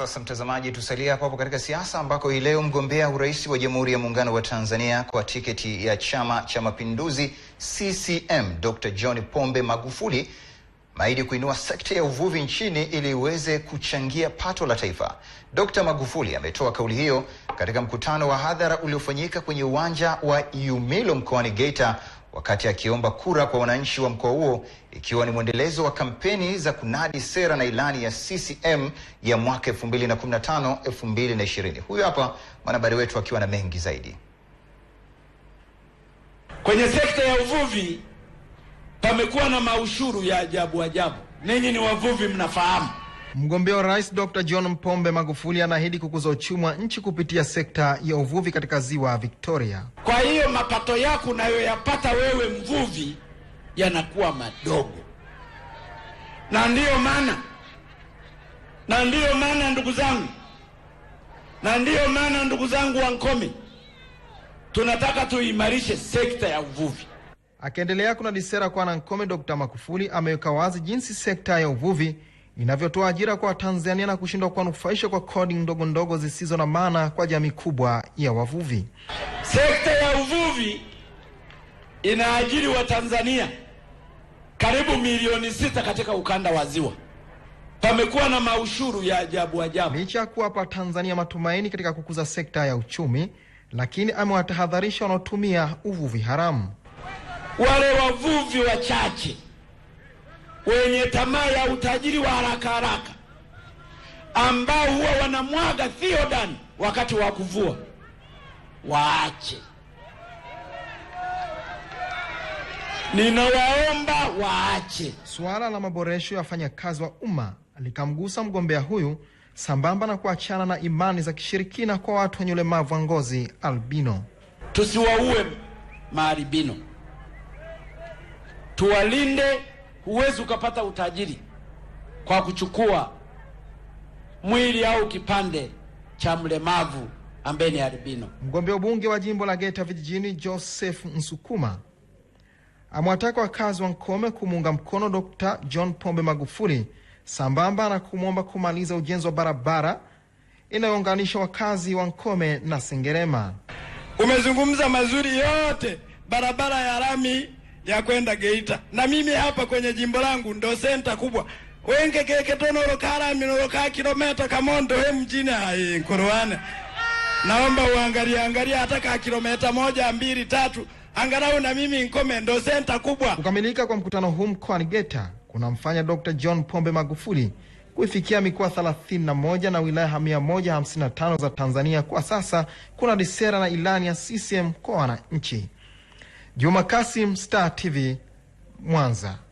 sasa mtazamaji, tusalia hapo hapo katika siasa ambako hii leo mgombea urais wa Jamhuri ya Muungano wa Tanzania kwa tiketi ya Chama cha Mapinduzi CCM Dr. John Pombe Magufuli maidi kuinua sekta ya uvuvi nchini ili iweze kuchangia pato la taifa. Dr. Magufuli ametoa kauli hiyo katika mkutano wa hadhara uliofanyika kwenye uwanja wa Umilo mkoani Geita wakati akiomba kura kwa wananchi wa mkoa huo, ikiwa ni mwendelezo wa kampeni za kunadi sera na ilani ya CCM ya mwaka 2015 2020. Huyu hapa mwanahabari wetu akiwa na mengi zaidi. Kwenye sekta ya uvuvi pamekuwa na maushuru ya ajabu ajabu. Ninyi ni wavuvi, mnafahamu Mgombea wa rais Dr John Pombe Magufuli anaahidi kukuza uchumi wa nchi kupitia sekta ya uvuvi katika ziwa Victoria. Kwa hiyo mapato yako unayoyapata wewe mvuvi yanakuwa madogo, na ndiyo maana na ndiyo maana ndugu zangu, na ndiyo maana ndugu zangu Wankomi, tunataka tuimarishe sekta ya uvuvi. Akiendelea kuna disera kwa Nankome, Dr Magufuli ameweka wazi jinsi sekta ya uvuvi inavyotoa ajira kwa Watanzania na kushindwa kuwanufaisha kwa kodi ndogo ndogo zisizo na maana kwa jamii kubwa ya wavuvi. Sekta ya uvuvi inaajiri Watanzania karibu milioni sita katika ukanda wa Ziwa. Pamekuwa na maushuru ya ajabu ajabu. Licha ya kuwapa Tanzania matumaini katika kukuza sekta ya uchumi, lakini amewatahadharisha wanaotumia uvuvi haramu, wale wavuvi wachache wenye tamaa ya utajiri wa haraka haraka ambao huwa wanamwaga Theodan wakati wa kuvua, waache. Ninawaomba waache. Suala la maboresho ya wafanyakazi wa umma likamgusa mgombea huyu sambamba na kuachana na imani za kishirikina kwa watu wenye ulemavu wa ngozi albino. Tusiwaue maaribino tuwalinde Huwezi ukapata utajiri kwa kuchukua mwili au kipande cha mlemavu ambaye ni albino. Mgombea ubunge wa jimbo la Geita Vijijini, Joseph Msukuma amewataka wakazi wa Nkome kumuunga mkono dr John Pombe Magufuli sambamba na kumwomba kumaliza ujenzi wa barabara inayounganisha wakazi wa Nkome na Sengerema. Umezungumza mazuri yote, barabara ya rami ya kwenda Geita, na mimi hapa kwenye jimbo langu ndo senta kubwa wenge keketonorokaramiloroka kilometa kamondo he mjini hainkuruane. Naomba uangalie angalia hata ka kilometa moja mbili tatu angalau na mimi nkome, ndo senta kubwa. Kukamilika kwa mkutano huu mkoani Geita kunamfanya Dr. John Pombe Magufuli kuifikia mikoa 31 na wilaya 155 za Tanzania kwa sasa kuna disera na ilani ya CCM kwa wananchi. Juma Kasim, Star TV, Mwanza.